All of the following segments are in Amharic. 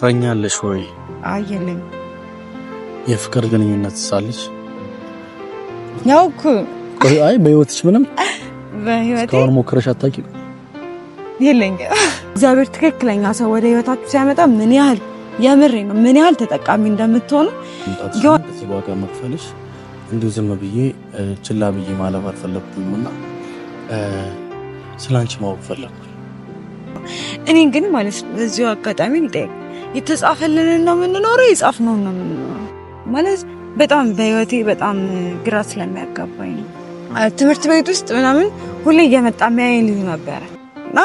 ፍቅረኛ ወይ? አይ የፍቅር ግንኙነት ሳለሽ ያውኩ እኮ አይ በህይወትሽ ምንም በህይወቴ እስካሁን ሞክረሽ አታውቂም? የለኝም። እግዚአብሔር ትክክለኛ ሰው ወደ ህይወታችሁ ሲያመጣ ምን ያህል የምሬ ነው ምን ያህል ተጠቃሚ እንደምትሆኑ ዋጋ መክፈልሽ እንዲሁ ዝም ብዬ ችላ ብዬ ማለፍ አልፈለግኩም እና ስለ አንቺ ማወቅ ፈለግኩ። እኔ ግን ማለት ነው በዚሁ አጋጣሚ ልጠይቅ የተጻፈልንን ነው የምንኖረው፣ የጻፍነውን ነው የምንኖረው። ማለት በጣም በህይወቴ በጣም ግራ ስለሚያጋባኝ ነው። ትምህርት ቤት ውስጥ ምናምን ሁሌ እየመጣ የሚያየኝ ልዩ ነበረ እና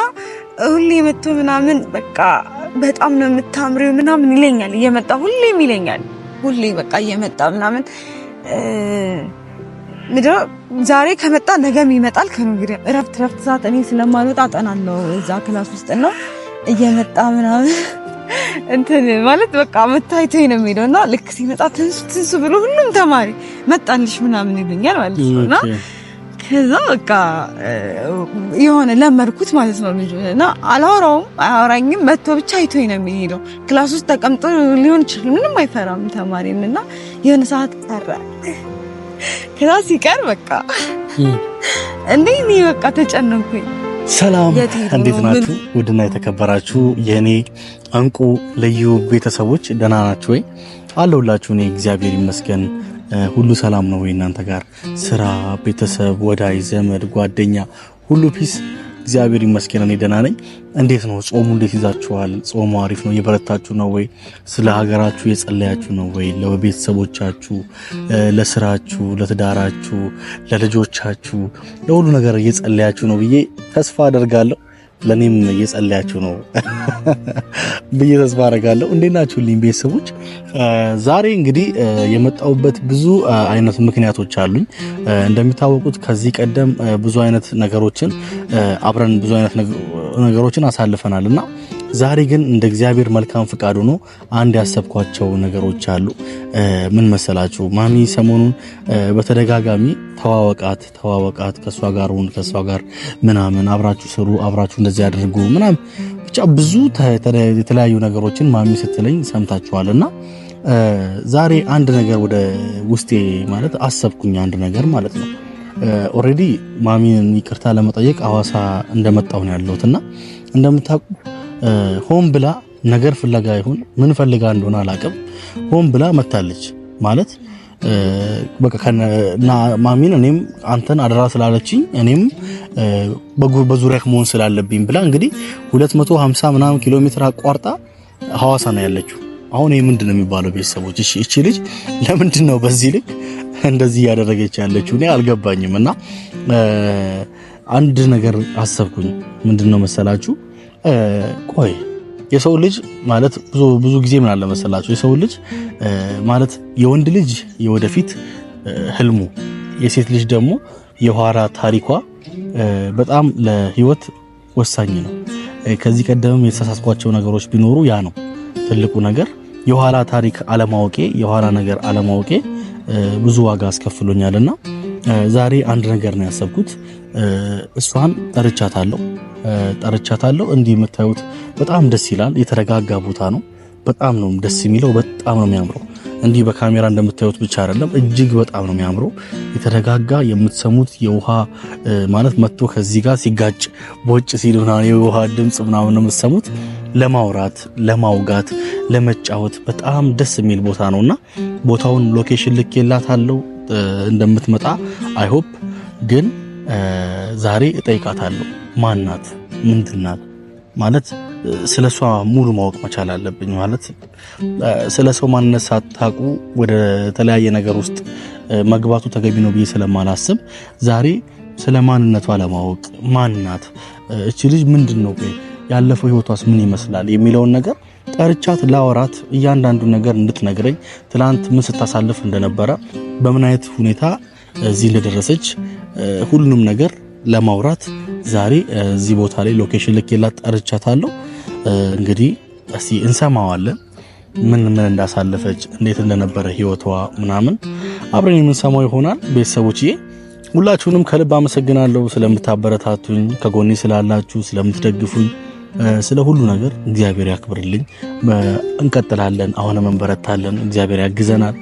ሁሌ መቶ ምናምን በቃ በጣም ነው የምታምሪው ምናምን ይለኛል። እየመጣ ሁሌም ይለኛል። ሁሌ በቃ እየመጣ ምናምን ምድረ ዛሬ ከመጣ ነገም ይመጣል። ከንግዲ እረፍት እረፍት ሰዓት እኔ ስለማልወጣ ጠናለው እዛ ክላስ ውስጥ ነው እየመጣ ምናምን እንትን ማለት በቃ መታይቶ ነው የሚሄደው እና ልክ ሲመጣ ትንሱ ትንሱ ብሎ ሁሉም ተማሪ መጣልሽ ምናምን ይሉኛል ማለት ነው እና ከዛ በቃ የሆነ ለመርኩት ማለት ነው። ልጁ እና አላወራውም፣ አያወራኝም። መጥቶ ብቻ አይቶኝ ነው የሚሄደው። ክላስ ውስጥ ተቀምጦ ሊሆን ይችላል። ምንም አይፈራም ተማሪም እና የሆነ ሰዓት ቀረ። ከዛ ሲቀር በቃ እንዴ እኔ በቃ ተጨነኩኝ። ሰላም፣ እንዴት ናችሁ? ውድና የተከበራችሁ የእኔ እንቁ ልዩ ቤተሰቦች ደህና ናችሁ ወይ? አለሁላችሁ። እኔ እግዚአብሔር ይመስገን ሁሉ ሰላም ነው ወይ? እናንተ ጋር ስራ፣ ቤተሰብ፣ ወዳጅ ዘመድ፣ ጓደኛ ሁሉ ፒስ እግዚአብሔር ይመስገን እኔ ደህና ነኝ። እንዴት ነው ጾሙ? እንዴት ይዛችኋል? ጾሙ አሪፍ ነው? የበረታችሁ ነው ወይ? ስለ ሀገራችሁ የጸለያችሁ ነው ወይ? ለቤተሰቦቻችሁ፣ ለስራችሁ፣ ለትዳራችሁ፣ ለልጆቻችሁ፣ ለሁሉ ነገር እየጸለያችሁ ነው ብዬ ተስፋ አደርጋለሁ። ለእኔም እየጸለያችሁ ነው ብዬ ተስፋ አደርጋለሁ። እንዴት ናችሁልኝ ቤተሰቦች? ዛሬ እንግዲህ የመጣሁበት ብዙ አይነት ምክንያቶች አሉኝ። እንደሚታወቁት ከዚህ ቀደም ብዙ አይነት ነገሮችን አብረን ብዙ አይነት ነገሮችን አሳልፈናል እና ዛሬ ግን እንደ እግዚአብሔር መልካም ፍቃድ ሆኖ አንድ ያሰብኳቸው ነገሮች አሉ። ምን መሰላችሁ? ማሚ ሰሞኑን በተደጋጋሚ ተዋወቃት ተዋወቃት፣ ከእሷ ጋር ሁን፣ ከእሷ ጋር ምናምን፣ አብራችሁ ስሩ፣ አብራችሁ እንደዚህ አድርጉ ምናምን፣ ብቻ ብዙ የተለያዩ ነገሮችን ማሚ ስትለኝ ሰምታችኋል እና ዛሬ አንድ ነገር ወደ ውስጤ ማለት አሰብኩኝ፣ አንድ ነገር ማለት ነው። ኦልሬዲ ማሚን ይቅርታ ለመጠየቅ አዋሳ እንደመጣሁ ነው ያለሁት እና እንደምታውቁ ሆን ብላ ነገር ፍለጋ ይሁን ምን ፈልጋ እንደሆነ አላቅም፣ ሆን ብላ መታለች ማለት በቃ ማሚን እኔም አንተን አደራ ስላለችኝ እኔም በዙሪያ መሆን ስላለብኝ ብላ እንግዲህ 250 ምናምን ኪሎ ሜትር አቋርጣ ሐዋሳ ነው ያለችው። አሁን ይህ ምንድን ነው የሚባለው? ቤተሰቦች እቺ ልጅ ለምንድን ነው በዚህ ልክ እንደዚህ እያደረገች ያለችው? እኔ አልገባኝም። እና አንድ ነገር አሰብኩኝ። ምንድን ነው መሰላችሁ ቆይ የሰው ልጅ ማለት ብዙ ብዙ ጊዜ ምን አለ መሰላችሁ የሰው ልጅ ማለት የወንድ ልጅ የወደፊት ህልሙ፣ የሴት ልጅ ደግሞ የኋላ ታሪኳ በጣም ለህይወት ወሳኝ ነው። ከዚህ ቀደምም የተሳሳትኳቸው ነገሮች ቢኖሩ ያ ነው ትልቁ ነገር። የኋላ ታሪክ አለማወቄ፣ የኋላ ነገር አለማወቄ ብዙ ዋጋ አስከፍሎኛልና ዛሬ አንድ ነገር ነው ያሰብኩት። እሷን ጠርቻታለሁ ጠርቻታለሁ። እንዲህ የምታዩት በጣም ደስ ይላል። የተረጋጋ ቦታ ነው። በጣም ነው ደስ የሚለው። በጣም ነው የሚያምረው። እንዲህ በካሜራ እንደምታዩት ብቻ አይደለም፣ እጅግ በጣም ነው የሚያምረው። የተረጋጋ የምትሰሙት የውሃ ማለት መጥቶ ከዚህ ጋር ሲጋጭ ቦጭ ሲል ምናምን የውሃ ድምፅ ምናምን ነው የምትሰሙት። ለማውራት፣ ለማውጋት፣ ለመጫወት በጣም ደስ የሚል ቦታ ነውና ቦታውን ሎኬሽን ልኬላታለሁ። እንደምትመጣ አይሆፕ ግን ዛሬ እጠይቃታለሁ። ማናት? ምንድናት? ማለት ስለ እሷ ሙሉ ማወቅ መቻል አለብኝ። ማለት ስለ ሰው ማንነት ሳታውቁ ወደ ተለያየ ነገር ውስጥ መግባቱ ተገቢ ነው ብዬ ስለማላስብ ዛሬ ስለ ማንነቷ ለማወቅ ማናት፣ እቺ ልጅ ምንድን ነው፣ ያለፈው ህይወቷስ ምን ይመስላል የሚለውን ነገር ጠርቻት ላወራት እያንዳንዱ ነገር እንድትነግረኝ ትላንት ምን ስታሳልፍ እንደነበረ በምን አይነት ሁኔታ እዚህ እንደደረሰች ሁሉንም ነገር ለማውራት ዛሬ እዚህ ቦታ ላይ ሎኬሽን ልኬላት ጠርቻታለሁ። እንግዲህ እስቲ እንሰማዋለን፣ ምን ምን እንዳሳለፈች እንዴት እንደነበረ ህይወቷ ምናምን አብረን የምንሰማው ይሆናል። ቤተሰቦችዬ ሁላችሁንም ከልብ አመሰግናለሁ ስለምታበረታቱኝ፣ ከጎኔ ስላላችሁ፣ ስለምትደግፉኝ ስለ ሁሉ ነገር እግዚአብሔር ያክብርልኝ። እንቀጥላለን፣ አሁንም እንበረታለን። እግዚአብሔር ያግዘናል።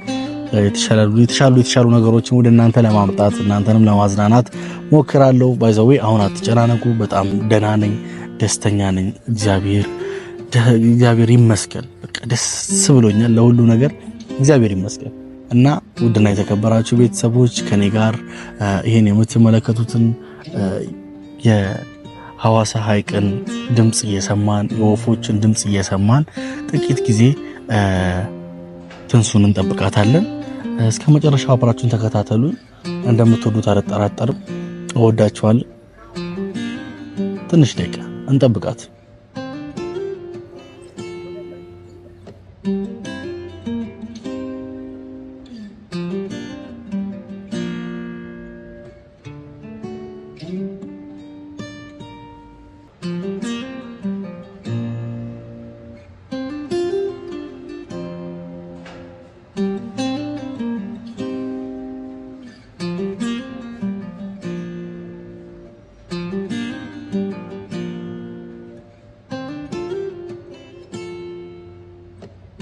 የተሻሉ የተሻሉ ነገሮችን ወደ እናንተ ለማምጣት እናንተንም ለማዝናናት ሞክራለሁ። ባይዘዌ አሁን አትጨናነቁ። በጣም ደህና ነኝ፣ ደስተኛ ነኝ። እግዚአብሔር እግዚአብሔር ይመስገን። በቃ ደስ ብሎኛል። ለሁሉ ነገር እግዚአብሔር ይመስገን። እና ውድና የተከበራችሁ ቤተሰቦች ከኔ ጋር ይህን የምትመለከቱትን ሐዋሳ ሐይቅን ድምፅ እየሰማን የወፎችን ድምፅ እየሰማን ጥቂት ጊዜ ትንሱን እንጠብቃታለን። እስከ መጨረሻው አብራችሁን ተከታተሉ። እንደምትወዱት አልጠራጠርም። እወዳችኋለሁ። ትንሽ ደቂቃ እንጠብቃት።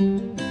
Música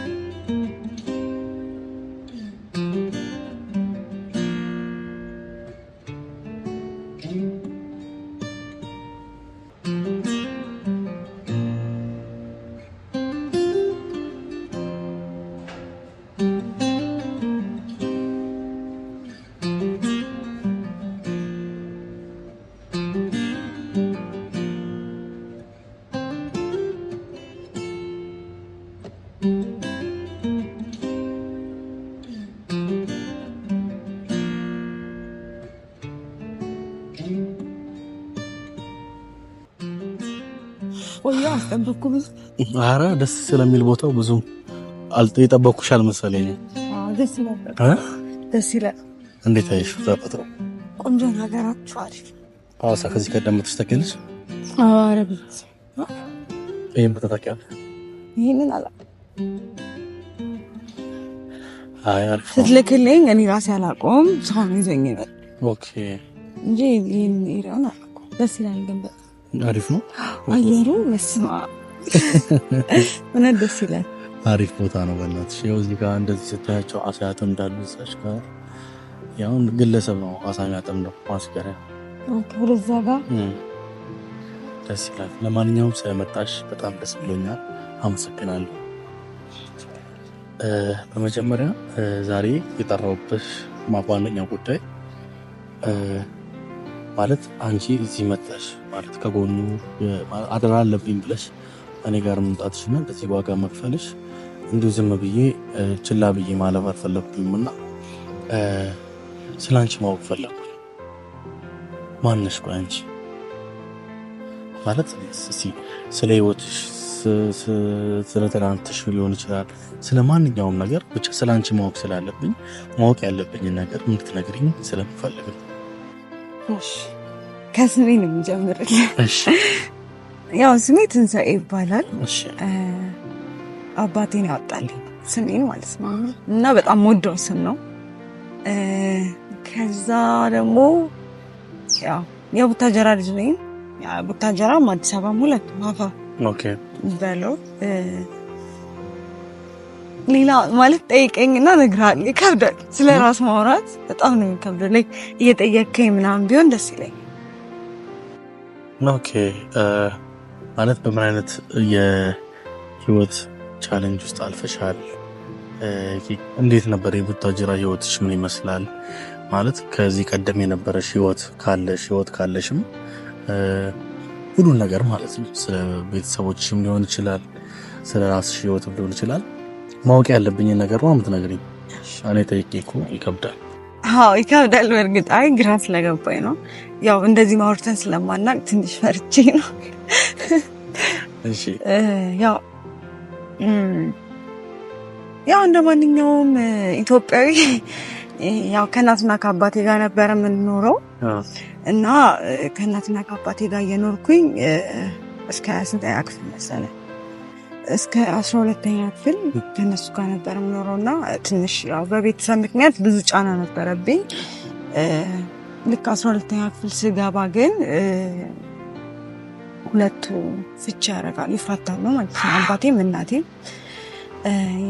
ኧረ ደስ ስለሚል ቦታው ብዙም የጠበኩሽ አልመሰለኝ። ደስ ይላል። ደስ ይላል። እንዴት አይሽ? ተፈጥሮ ቆንጆ ነገራችሁ አሪፍ። ሐዋሳ ከዚህ ቀደም ተስተከልሽ? አረ ብዙ ይሄን ተታቂያል። ይሄንን አላ አይ አሪፍ ስትልክልኝ እኔ ራሴ አላውቀውም። ሰው ነው ይዞኝ ነበር። ኦኬ እንጂ ይሄን ይራውና ደስ ይላል ግን አሪፍ ነው አየሩ። መስማ እውነት ደስ ይላል። አሪፍ ቦታ ነው። በእናትሽ ይኸው እዚህ ጋር እንደዚህ ስታያቸው አሳ ያጠምዳሉ። እዛች ጋር ያሁን ግለሰብ ነው አሳ የሚያጠምደው ማስገሪያ። ወደዛ ጋር ደስ ይላል። ለማንኛውም ስለመጣሽ በጣም ደስ ብሎኛል። አመሰግናለሁ። በመጀመሪያ ዛሬ የጠራሁበት ማቋነኛው ጉዳይ ማለት አንቺ እዚህ መጠሽ ማለት ከጎኑ አደራ አለብኝ ብለሽ እኔ ጋር መምጣትሽና በዚህ ዋጋ መክፈልሽ እንዲሁ ዝም ብዬ ችላ ብዬ ማለፍ አልፈለግኩም እና ስለ አንቺ ማወቅ ፈለግኩ። ማነሽ? ቆይ አንቺ ማለት ስለ ህይወትሽ፣ ስለ ትናንትሽ ሊሆን ይችላል፣ ስለ ማንኛውም ነገር ብቻ ስለ አንቺ ማወቅ ስላለብኝ ማወቅ ያለብኝን ነገር እንድትነግሪኝ ስለምፈልግ ከስሜ ነው የምጀምርልህ። ያው ስሜ ትንሳኤ ይባላል። አባቴን ያወጣልኝ ስሜን ማለት ነው እና በጣም ወደው ስም ነው። ከዛ ደግሞ ያው የቡታጀራ ልጅ ነኝ። ቡታጀራም አዲስ አበባም ሁለት ማፋ በለው ሌላ ማለት ጠይቀኝና እነግርሃለሁ። ይከብዳል። ስለ ራስ ማውራት በጣም ነው የሚከብደ። ላይ እየጠየከኝ ምናምን ቢሆን ደስ ይለኝ። ኦኬ ማለት በምን አይነት የህይወት ቻሌንጅ ውስጥ አልፈሻል? እንዴት ነበር የቡታጅራ ህይወትሽ? ምን ይመስላል? ማለት ከዚህ ቀደም የነበረሽ ህይወት ካለሽ ህይወት ካለሽም ሁሉን ነገር ማለት ነው። ስለ ቤተሰቦችም ሊሆን ይችላል፣ ስለ ራስሽ ህይወትም ሊሆን ይችላል። ማወቅ ያለብኝን ነገር ነው የምትነግሪኝ። እኔ ጠይቄ እኮ ይከብዳል። አዎ ይከብዳል። በእርግጥ አይ ግራ ስለገባኝ ነው። ያው እንደዚህ ማውርተን ስለማናቅ ትንሽ ፈርቼ ነው። እሺ ያው ያው እንደ ማንኛውም ኢትዮጵያዊ ያው ከእናትና ከአባቴ ጋር ነበረ የምንኖረው እና ከእናትና ከአባቴ ጋር እየኖርኩኝ እስከ ስንተኛ ክፍል መሰለህ እስከ አስራ ሁለተኛ ክፍል ከነሱ ጋር ነበር የምኖረው እና ትንሽ ያው በቤተሰብ ምክንያት ብዙ ጫና ነበረብኝ። ልክ አስራ ሁለተኛ ክፍል ስገባ ግን ሁለቱ ፍቻ ያደርጋሉ፣ ይፋታሉ ማለት ነው። አባቴም እናቴም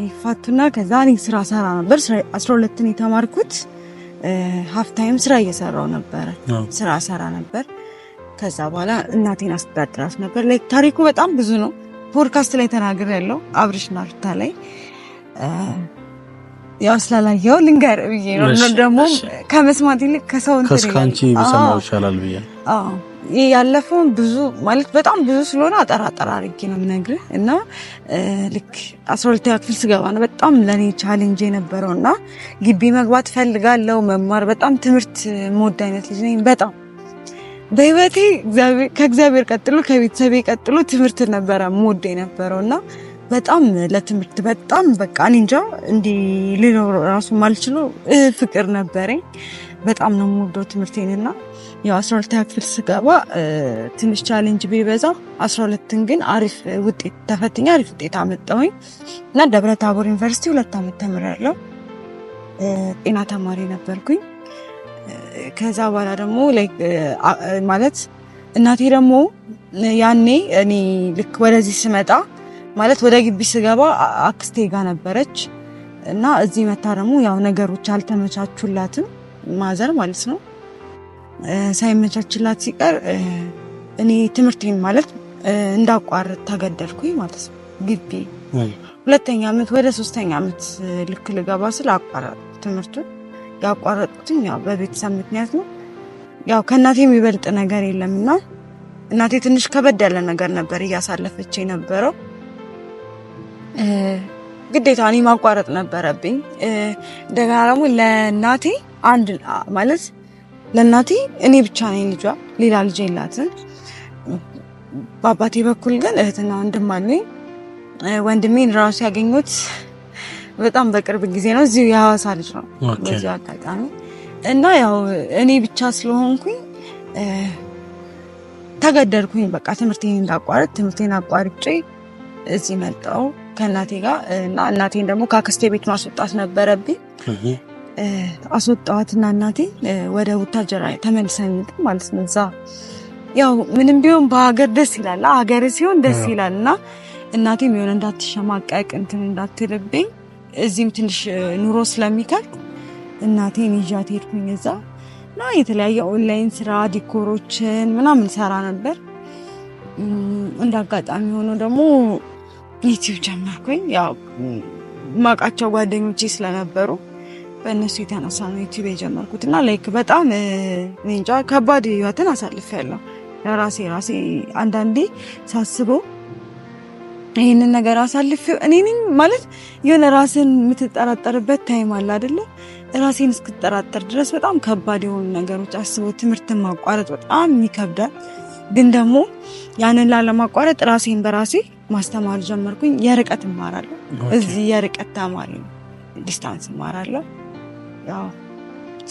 ይፋቱና ከዛ እኔ ስራ ሰራ ነበር። አስራ ሁለትን የተማርኩት ሀፍታይም ስራ እየሰራው ነበረ፣ ስራ ሰራ ነበር። ከዛ በኋላ እናቴን አስተዳድራት ነበር። ታሪኩ በጣም ብዙ ነው። ፖድካስት ላይ ተናግር ያለው አብርሽና ሩታ ላይ ያው ስላላየው ልንገር ብዬ ነው። ደግሞ ከመስማት ይልቅ ከሰው ከስካንቺ በሰማው ይሻላል ብዬ ይህ ያለፈውን ብዙ ማለት በጣም ብዙ ስለሆነ አጠራጠር አድርጌ ነው የምነግርህ እና ልክ አስራ ሁለተኛ ክፍል ስገባ ነው በጣም ለእኔ ቻሌንጅ የነበረው እና ግቢ መግባት ፈልጋለው መማር በጣም ትምህርት መወድ አይነት ልጅ ነኝ በጣም በህይወቴ ከእግዚአብሔር ቀጥሎ ከቤተሰቤ ቀጥሎ ትምህርት ነበረ ሞድ የነበረው እና በጣም ለትምህርት በጣም በቃ እኔ እንጃ እንዲህ ራሱ ማልችለው ፍቅር ነበረኝ። በጣም ነው ሞዶ ትምህርቴን እና ያው 12 ክፍል ስገባ ትንሽ ቻሌንጅ ቢበዛ 12 ሁለትን ግን አሪፍ ውጤት ተፈትኛ አሪፍ ውጤት አመጣሁኝ እና ደብረ ታቦር ዩኒቨርሲቲ ሁለት ዓመት ተምሬያለሁ። ጤና ተማሪ ነበርኩኝ። ከዛ በኋላ ደግሞ ማለት እናቴ ደግሞ ያኔ እኔ ልክ ወደዚህ ስመጣ ማለት ወደ ግቢ ስገባ አክስቴ ጋ ነበረች እና እዚህ መታ ደግሞ ያው ነገሮች አልተመቻቹላትም ማዘር ማለት ነው። ሳይመቻችላት ሲቀር እኔ ትምህርቴን ማለት እንዳቋርጥ ተገደድኩኝ ማለት ነው። ግቢ ሁለተኛ ዓመት ወደ ሶስተኛ ዓመት ልክ ልገባ ስል አቋረጥ ትምህርቱን ያቋረጥኩትኝ ያው በቤተሰብ ምክንያት ነው። ያው ከእናቴ የሚበልጥ ነገር የለም እናቴ ትንሽ ከበድ ያለ ነገር ነበር እያሳለፈች የነበረው። ግዴታ እኔ ማቋረጥ ነበረብኝ። እንደገና ደግሞ ለእናቴ አንድ ማለት ለእናቴ እኔ ብቻ ነኝ ልጇ፣ ሌላ ልጅ የላትም። በአባቴ በኩል ግን እህትና ወንድም አለኝ። ወንድሜን ራሱ ያገኙት በጣም በቅርብ ጊዜ ነው። እዚሁ የሐዋሳ ልጅ ነው በዚሁ አጋጣሚ እና ያው እኔ ብቻ ስለሆንኩኝ ተገደድኩኝ። በቃ ትምህርቴን እንዳቋርጥ ትምህርቴን አቋርጬ እዚህ መጣሁ ከእናቴ ጋር እና እናቴን ደግሞ ከአክስቴ ቤት ማስወጣት ነበረብኝ። አስወጣዋትና እናቴ ወደ ቡታጀራ ተመልሰን ማለት ነው። እዛ ያው ምንም ቢሆን በሀገር ደስ ይላል፣ ሀገር ሲሆን ደስ ይላል እና እናቴም የሆነ እንዳትሸማቀቅ እንትን እንዳትልብኝ እዚህም ትንሽ ኑሮ ስለሚከብድ እናቴን ይዣት ሄድኩኝ። እዛ እና የተለያየ ኦንላይን ስራ ዲኮሮችን ምናምን ሰራ ነበር። እንደ አጋጣሚ ሆኖ ደግሞ ዩቲዩብ ጀመርኩኝ። ያው ማውቃቸው ጓደኞቼ ስለነበሩ በእነሱ የተነሳ ነው ዩቲዩብ የጀመርኩት እና ላይክ በጣም እንጃ ከባድ ህይወትን አሳልፍ ያለው ለራሴ ራሴ አንዳንዴ ሳስበው ይህንን ነገር አሳልፌው እኔ ማለት የሆነ ራስን የምትጠራጠርበት ታይም አለ አደለ? ራሴን እስክጠራጠር ድረስ በጣም ከባድ የሆኑ ነገሮች አስቦ ትምህርትን ማቋረጥ በጣም ይከብዳል። ግን ደግሞ ያንን ላለማቋረጥ ራሴን በራሴ ማስተማር ጀመርኩኝ። የርቀት እማራለሁ። እዚህ የርቀት ተማሪ ነው፣ ዲስታንስ እማራለሁ። ያው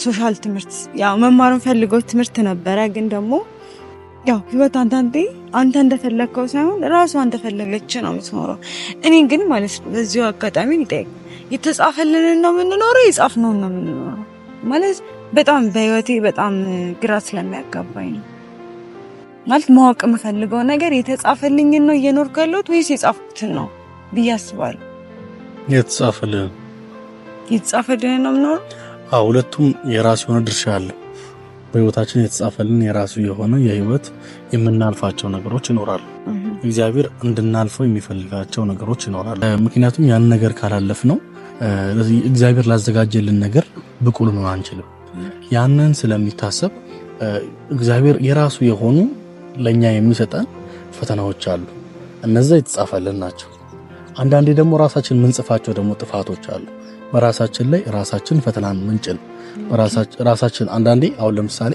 ሶሻል ትምህርት ያው መማሩን ፈልገው ትምህርት ነበረ ግን ደግሞ ያው ህይወት አንዳንዴ አንተ እንደፈለግከው ሳይሆን ራሷ እንደፈለገች ነው የምትኖረው። እኔ ግን ማለት ነው በዚሁ አጋጣሚ ልጠይቅ፣ የተጻፈልንን ነው የምንኖረው፣ የጻፍነውን ነው የምንኖረው ማለት በጣም በህይወቴ በጣም ግራ ስለሚያጋባኝ ነው ማለት ማወቅ የምፈልገው ነገር የተጻፈልኝን ነው እየኖርኩ ያለሁት ወይስ የጻፍኩትን ነው ብዬ አስባለሁ። የተጻፈልን የተጻፈልን ነው የምኖረው። ሁለቱም የራሱ የሆነ ድርሻ አለው። በህይወታችን የተጻፈልን የራሱ የሆነ የህይወት የምናልፋቸው ነገሮች ይኖራሉ። እግዚአብሔር እንድናልፈው የሚፈልጋቸው ነገሮች ይኖራሉ። ምክንያቱም ያን ነገር ካላለፍ ነው እግዚአብሔር ላዘጋጀልን ነገር ብቁ ልንሆን አንችልም። ያንን ስለሚታሰብ እግዚአብሔር የራሱ የሆኑ ለእኛ የሚሰጠን ፈተናዎች አሉ። እነዛ የተጻፈልን ናቸው። አንዳንዴ ደግሞ ራሳችን ምንጽፋቸው ደግሞ ጥፋቶች አሉ። በራሳችን ላይ ራሳችን ፈተናን ምንጭን ራሳችን አንዳንዴ አሁን ለምሳሌ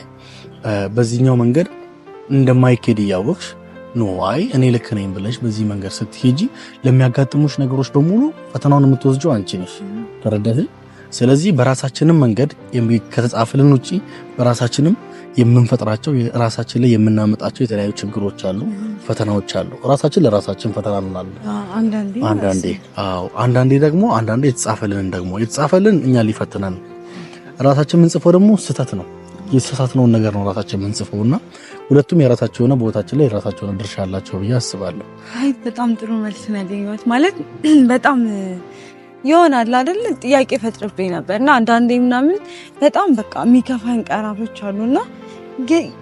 በዚህኛው መንገድ እንደማይኬድ እያወቅሽ ኖ አይ እኔ ልክ ነኝ ብለሽ በዚህ መንገድ ስትሄጂ ለሚያጋጥሙሽ ነገሮች በሙሉ ፈተናውን የምትወስጀው አንቺ ነሽ። ተረዳት። ስለዚህ በራሳችንም መንገድ ከተጻፍልን ውጭ በራሳችንም የምንፈጥራቸው ራሳችን ላይ የምናመጣቸው የተለያዩ ችግሮች አሉ፣ ፈተናዎች አሉ። ራሳችን ለራሳችን ፈተና እንሆናለን አንዳንዴ። አንዳንዴ ደግሞ አንዳንዴ የተጻፈልንን ደግሞ የተጻፈልን እኛ ሊፈትነን ራሳችን የምንጽፈው ደግሞ ስህተት ነው። የተሳሳትነውን ነገር ነው ራሳችን የምንጽፈው እና ሁለቱም የራሳቸው የሆነ ቦታችን ላይ የራሳቸው የሆነ ድርሻ አላቸው ብዬ አስባለሁ። አይ በጣም ጥሩ መልስ ነው ያገኘሁት። ማለት በጣም ይሆናል አይደል ጥያቄ ፈጥረብኝ ነበር እና አንዳንዴ ምናምን በጣም በቃ የሚከፋኝ ቀናቶች አሉና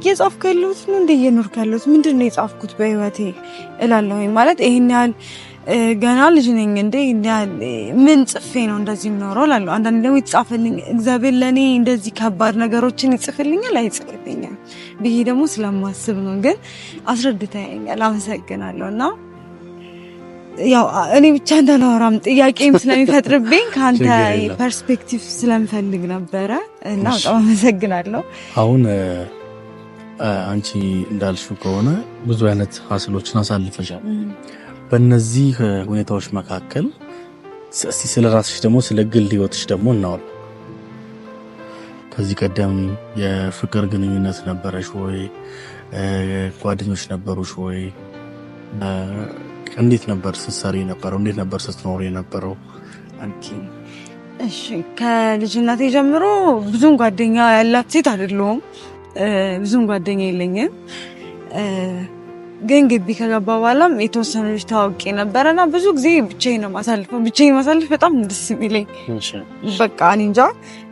የጻፍ ያለሁት ነው እንደ እየኖርኩ ያለሁት ምንድን ነው የጻፍኩት በህይወቴ እላለሁኝ ማለት ይህን ያህል ገና ልጅ ነኝ እንዴ ምን ጽፌ ነው እንደዚህ የምኖረው እላለሁ። አንዳንድ ደግሞ ይጻፈልኝ እግዚአብሔር ለእኔ እንደዚህ ከባድ ነገሮችን ይጽፍልኛል አይጽፍልኛል ብዬ ደግሞ ስለማስብ ነው። ግን አስረድተኸኛል፣ አመሰግናለሁ እና ያው እኔ ብቻ እንዳላወራም ጥያቄም ስለሚፈጥርብኝ ከአንተ ፐርስፔክቲቭ ስለምፈልግ ነበረ እና በጣም አመሰግናለሁ። አሁን አንቺ እንዳልሽው ከሆነ ብዙ አይነት ሀስሎችን አሳልፈሻል በእነዚህ ሁኔታዎች መካከል ስለ ራስሽ ደግሞ ስለ ግል ህይወትሽ ደግሞ እናወራ። ከዚህ ቀደም የፍቅር ግንኙነት ነበረች ወይ? ጓደኞች ነበሩች ወይ? እንዴት ነበር ስትሰሪ ነበረው እንዴት ነበር ስትኖር የነበረው? እሺ፣ ከልጅነቴ ጀምሮ ብዙም ጓደኛ ያላት ሴት አይደለሁም። ብዙም ጓደኛ የለኝም። ግን ግቢ ከገባ በኋላም የተወሰነ ልጅ ታወቂ ነበረ እና ብዙ ጊዜ ብቻዬን ነው ማሳልፈው። ብቻዬን ማሳልፍ በጣም ደስ የሚለኝ በቃ እኔ እንጃ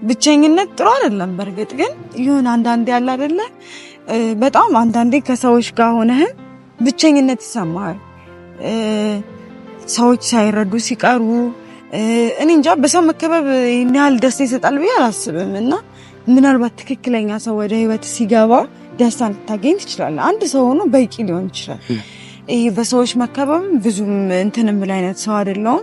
ብቸኝነት ጥሩ አይደለም። በእርግጥ ግን ይሁን አንዳንዴ ያለ አይደለ በጣም አንዳንዴ ከሰዎች ጋር ሆነህም ብቸኝነት ይሰማል። ሰዎች ሳይረዱ ሲቀሩ እኔ እንጃ በሰው መከበብ ይህን ያህል ደስታ ይሰጣል ብዬ አላስብም እና ምናልባት ትክክለኛ ሰው ወደ ህይወት ሲገባ ደስታን ልታገኝ ትችላለህ። አንድ ሰው ሆኖ በቂ ሊሆን ይችላል። ይሄ በሰዎች መከበብ ብዙም እንትን የምል አይነት ሰው አይደለሁም።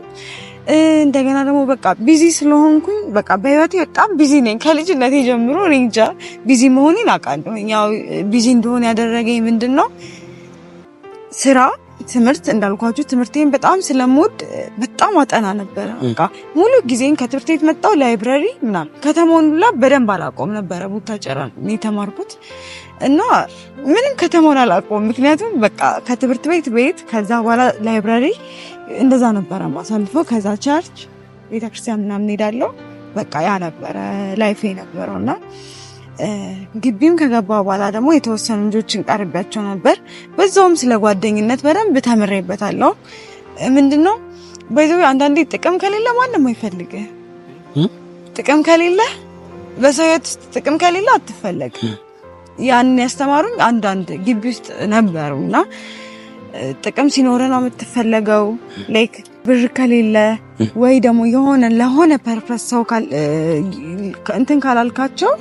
እንደገና ደግሞ በቃ ቢዚ ስለሆንኩኝ በቃ በህይወቴ በጣም ቢዚ ነኝ። ከልጅነቴ ጀምሮ እኔ እንጃ ቢዚ መሆኔን አውቃለሁ። ያው ቢዚ እንደሆነ ያደረገኝ ምንድን ነው ስራ ትምህርት እንዳልኳችሁ ትምህርቴን በጣም ስለምወድ በጣም አጠና ነበረ። በቃ ሙሉ ጊዜን ከትምህርት ቤት መጣው ላይብረሪ ምናል ከተማውን ሁላ በደንብ አላቆም ነበረ። ጨራ የተማርኩት እና ምንም ከተማውን አላቆም። ምክንያቱም በቃ ከትምህርት ቤት ቤት፣ ከዛ በኋላ ላይብረሪ እንደዛ ነበረ ማሳልፈው። ከዛ ቸርች ቤተክርስቲያን ምናምን ሄዳለው። በቃ ያ ነበረ ላይፌ ነበረውና ግቢም ከገባ በኋላ ደግሞ የተወሰኑ ልጆችን ቀርቢያቸው ነበር። በዛውም ስለ ጓደኝነት በደንብ ተምሬበታለሁ። ምንድነው በዚ አንዳንዴ ጥቅም ከሌለ ማንም አይፈልግ። ጥቅም ከሌለ በሰው ውስጥ ጥቅም ከሌለ አትፈለግ። ያን ያስተማሩኝ አንዳንድ ግቢ ውስጥ እና ጥቅም ሲኖረ ነው የምትፈለገው። ላይክ ብር ከሌለ ወይ ደግሞ የሆነ ለሆነ ፐርፐስ ሰው እንትን ካላልካቸው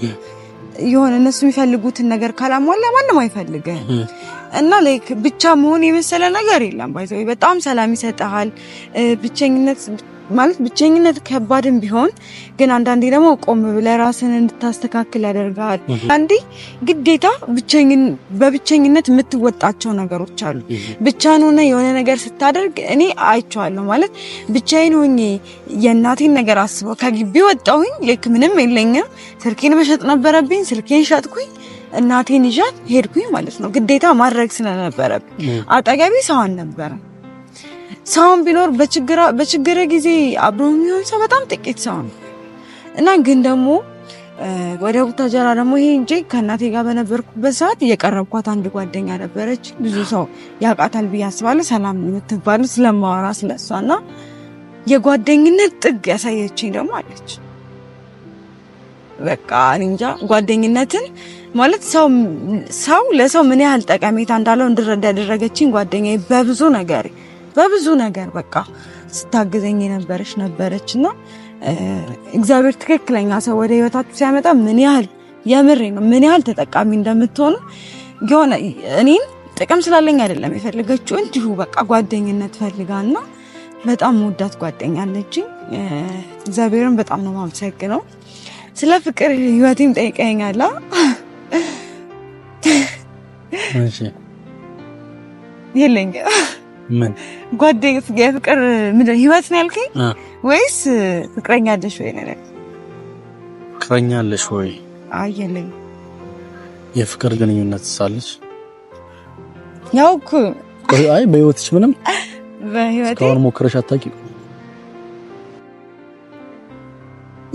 የሆነ እነሱ የሚፈልጉትን ነገር ካላሟላ ማንም አይፈልግህ እና ላይክ ብቻ መሆን የመሰለ ነገር የለም። ባይዘው በጣም ሰላም ይሰጥሃል። ብቸኝነት ማለት ብቸኝነት ከባድም ቢሆን ግን አንዳንዴ ደግሞ ቆም ብለህ ራስን እንድታስተካክል ያደርጋል። አንዴ ግዴታ በብቸኝነት የምትወጣቸው ነገሮች አሉ። ብቻን ሆነ የሆነ ነገር ስታደርግ እኔ አይቼዋለሁ። ማለት ብቻዬን ሆኜ የእናቴን ነገር አስበው ከግቢ ወጣሁኝ። ልክ ምንም የለኝም። ስልኬን መሸጥ ነበረብኝ። ስልኬን ሸጥኩኝ። እናቴን ይዣት ሄድኩኝ ማለት ነው። ግዴታ ማድረግ ስለነበረብኝ አጠገቢ ሰው አልነበረም። ሰውን ቢኖር በችግረ ጊዜ አብሮ የሚሆን ሰው በጣም ጥቂት ሰው ነው እና ግን ደግሞ ወደ ቡታጀራ ደግሞ ይሄ እንጂ ከእናቴ ጋር በነበርኩበት ሰዓት እየቀረብኳት አንድ ጓደኛ ነበረች። ብዙ ሰው ያውቃታል ብዬ አስባለሁ። ሰላም የምትባሉ ስለማወራ ስለሷ እና የጓደኝነት ጥግ ያሳየችኝ ደግሞ አለች። በቃ እንጃ ጓደኝነትን ማለት ሰው ሰው ለሰው ምን ያህል ጠቀሜታ እንዳለው እንድረዳ ያደረገችኝ ጓደኛ በብዙ ነገር በብዙ ነገር በቃ ስታግዘኝ የነበረች ነበረች እና እግዚአብሔር ትክክለኛ ሰው ወደ ህይወታችሁ ሲያመጣ ምን ያህል የምሬ ነው ምን ያህል ተጠቃሚ እንደምትሆኑ የሆነ እኔን ጥቅም ስላለኝ አይደለም የፈለገችው እንዲሁ በቃ ጓደኝነት ፈልጋና በጣም መወዳት ጓደኛ አለችኝ። እግዚአብሔርን በጣም ነው የማመሰግነው። ስለ ፍቅር ህይወቴም ጠይቀኛላ። የለኝም ምን ጓደኛ የፍቅር ምንድን ህይወት ነው ያልከኝ ወይስ ፍቅረኛ አለሽ ወይ ነው? ፍቅረኛ አለሽ ወይ? አይ የለኝም። የፍቅር ግንኙነት ሳለሽ ያው እኮ አይ በህይወትሽ ምንም እስካሁን ሞክረሽ አታውቂም?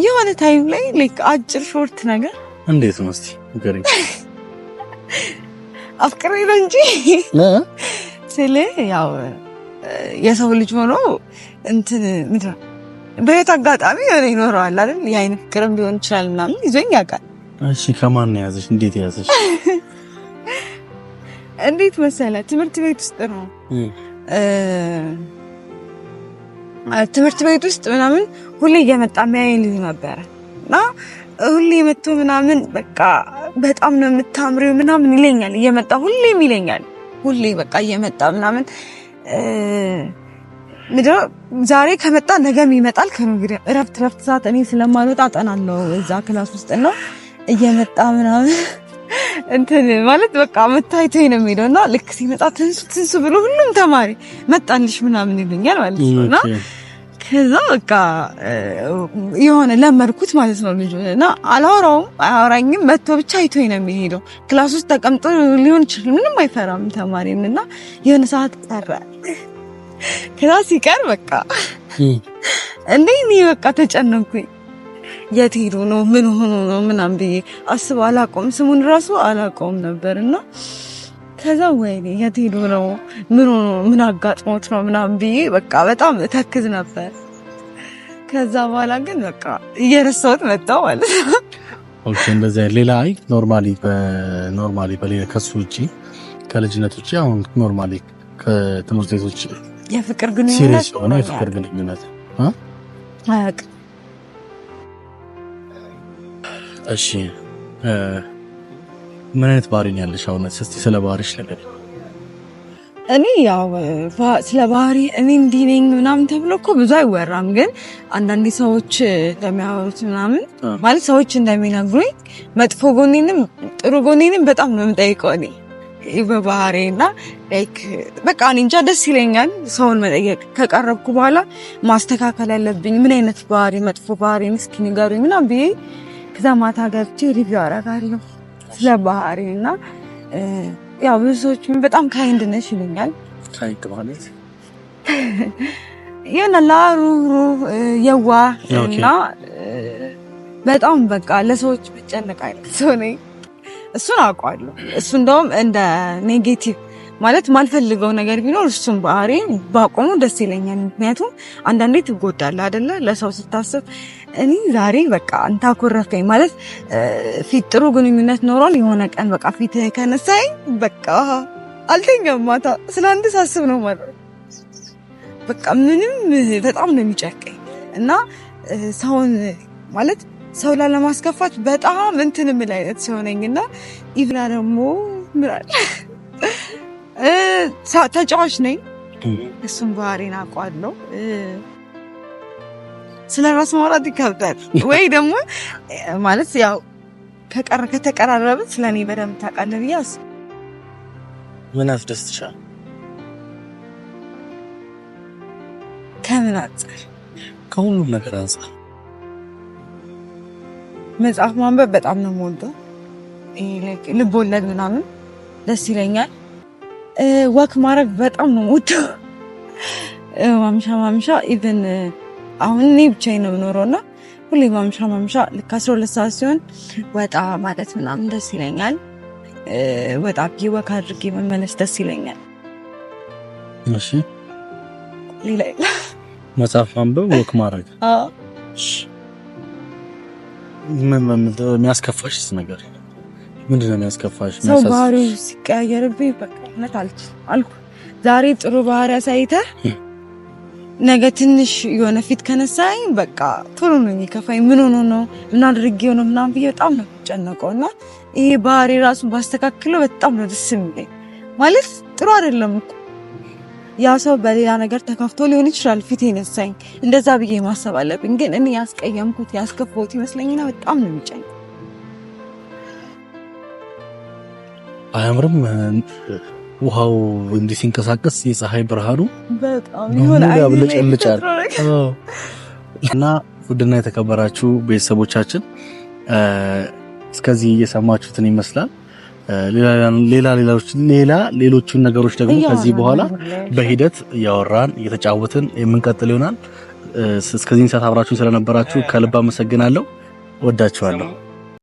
የሆነ ታይም ላይ ላይክ አጭር ሾርት ነገር እንዴት ነው እስቲ ንገሪኝ። አፍቅሬ ነው እንጂ ሴሌ ያው የሰው ልጅ ሆኖ እንትን ምድረ በየት አጋጣሚ የሆነ ይኖረዋል አይደል? የአይን ፍቅርም ሊሆን ይችላል ምናምን ይዞኝ ያውቃል። እሺ ከማን ነው ያዘሽ? እንዴት ያዘሽ? እንዴት መሰለ ትምህርት ቤት ውስጥ ነው ትምህርት ቤት ውስጥ ምናምን ሁሌ እየመጣ የሚያይ ልዩ ነበረ እና ሁሌ መቶ ምናምን በቃ በጣም ነው የምታምሪው ምናምን ይለኛል። እየመጣ ሁሌም ይለኛል ሁሌ በቃ እየመጣ ምናምን ምድረው ዛሬ ከመጣ ነገም ይመጣል። ከእንግዲህ ረፍት ረፍት ሰዓት እኔ ስለማልወጣ አጠናለሁ እዛ ክላስ ውስጥ ነው እየመጣ ምናምን እንትን ማለት በቃ መታይቶ ነው የሚሄደው እና ልክ ሲመጣ ትንሱ ትንሱ ብሎ ሁሉም ተማሪ መጣልሽ ምናምን ይሉኛል ማለት ነው እና ከዛ በቃ የሆነ ለመርኩት ማለት ነው ልጁ እና አላወራውም፣ አያወራኝም። መጥቶ ብቻ አይቶኝ ነው የሚሄደው። ክላስ ውስጥ ተቀምጦ ሊሆን ይችላል። ምንም አይፈራም ተማሪም እና የሆነ ሰዓት ቀረ። ከዛ ሲቀር በቃ እንዴ እኔ በቃ ተጨነኩኝ። የት ሄዶ ነው ምን ሆኖ ነው ምናምን ብዬ አስብ አላቆም ስሙን ራሱ አላቆም ነበርና ከዛ ወይኔ የት ሄዶ ነው ምን ሆኖ ምን አጋጥሞት ነው ምናምን ብዬ በቃ በጣም ተክዝ ነበር። ከዛ በኋላ ግን በቃ እየረሳሁት መጣሁ ማለት ነው። ኦኬ እንደዚህ ሌላ አይ ኖርማሊ በኖርማሊ በሌላ ከሱ ውጪ ከልጅነት ውጪ አሁን ኖርማሊ ከትምህርት ቤት ውጪ የፍቅር ግንኙነት ሲሪየስ የሆነ የፍቅር ግንኙነት አያውቅም። እሺ ምን አይነት ባህሪ ነው ያለሽ? አሁን እስቲ ስለ ባህሪሽ ነገር እኔ ያው ስለ ባህሪ እኔ እንዲህ ነኝ ምናምን ተብሎ እኮ ብዙ አይወራም፣ ግን አንዳንዴ ሰዎች እንደሚያወሩት ምናምን ማለት ሰዎች እንደሚነግሩኝ መጥፎ ጎኔንም ጥሩ ጎኔንም በጣም ነው የምጠይቀው እኔ በባህሪ እና ላይክ በቃ እኔ እንጃ ደስ ይለኛል ሰውን መጠየቅ። ከቀረብኩ በኋላ ማስተካከል ያለብኝ ምን አይነት ባህሪ መጥፎ ባህሪ እስኪ ንገሩኝ ምናምን ብዬ ከዛ ማታ ገብቼ ሪቪው አረጋለሁ። ስለ ባህሪ እና ያው ብዙ ሰዎች በጣም ካይንድ ነሽ ይለኛል። ካይንድ ማለት የነላ ሩህሩህ የዋ እና በጣም በቃ ለሰዎች መጨነቅ አይነት ሰው ነኝ። እሱን አውቀዋለሁ። እሱ እንደውም እንደ ኔጌቲቭ ማለት ማልፈልገው ነገር ቢኖር እሱም ባህሪ ባቆሙ ደስ ይለኛል። ምክንያቱም አንዳንዴ ትጎዳለህ አይደለ? ለሰው ስታስብ እኔ ዛሬ በቃ እንታኮረፍከኝ ማለት ፊት ጥሩ ግንኙነት ኖሯል። የሆነ ቀን በቃ ፊት ከነሳኝ በቃ አልተኛም። ማታ ስለ አንድ ሳስብ ነው ማለት በቃ ምንም በጣም ነው የሚጨቀኝ እና ሰውን ማለት ሰው ላለማስከፋት በጣም እንትን የምል አይነት ሲሆነኝ እና ኢቭና ደግሞ ምራል ተጫዋች ነኝ። እሱም ባህሪን አውቀዋለሁ። ስለ ራስ ማውራት ይከብዳል ወይ ደግሞ ማለት ያው ከቀረ ከተቀራረብን ስለ እኔ በደንብ ታውቃለህ ብዬ አስብ። ምን አስደስትሻል? ከምን አንጻር? ከሁሉም ነገር አንጻር። መጽሐፍ ማንበብ በጣም ነው የምወደው። ልብ ወለድ ምናምን ደስ ይለኛል። ወክ ማድረግ በጣም ነው ወጣ ማምሻ ማምሻ ኢቨን አሁን እኔ ብቻዬን ነው የምኖረውና ሁሌ ማምሻ ማምሻ ልክ 12 ሰዓት ሲሆን ወጣ ማለት ምናምን ደስ ይለኛል። ወጣ ብዬ ወክ አድርጌ መመለስ ደስ ይለኛል። እሺ፣ ሌላ መጽሐፍ ማንበብ፣ ወክ ማድረግ። አዎ፣ ምን ነገር ምንድን ነው? የሚያስከፋሽ ሰው ባህሪው ሲቀያየርብኝ በቃ እውነት አልችል አልኩ። ዛሬ ጥሩ ባህሪ አሳይተህ ነገ ትንሽ የሆነ ፊት ከነሳኝ በቃ ቶሎ ነው የሚከፋኝ። ምን ሆኖ ነው ምን አድርጌ ሆኖ ምናምን ብዬ በጣም ነው የምጨነቀው። እና ይሄ ባህሪ ራሱ ባስተካክለው በጣም ነው ደስ የሚለኝ። ማለት ጥሩ አይደለም እኮ ያ ሰው በሌላ ነገር ተከፍቶ ሊሆን ይችላል ፊት የነሳኝ፣ እንደዛ ብዬ ማሰብ አለብኝ። ግን እኔ ያስቀየምኩት ያስከፋሁት ይመስለኝና በጣም ነው የሚጨኝ። አያምርም ውሃው እንዲህ ሲንቀሳቀስ የፀሐይ ብርሃኑ በጣም ያብለጨልጫል እና ውድና የተከበራችሁ ቤተሰቦቻችን እስከዚህ እየሰማችሁትን ይመስላል። ሌላ ሌላ ሌሎቹን ነገሮች ደግሞ ከዚህ በኋላ በሂደት እያወራን እየተጫወትን የምንቀጥል ይሆናል። እስከዚህ ሰዓት አብራችሁን ስለነበራችሁ ከልብ አመሰግናለሁ። ወዳችኋለሁ።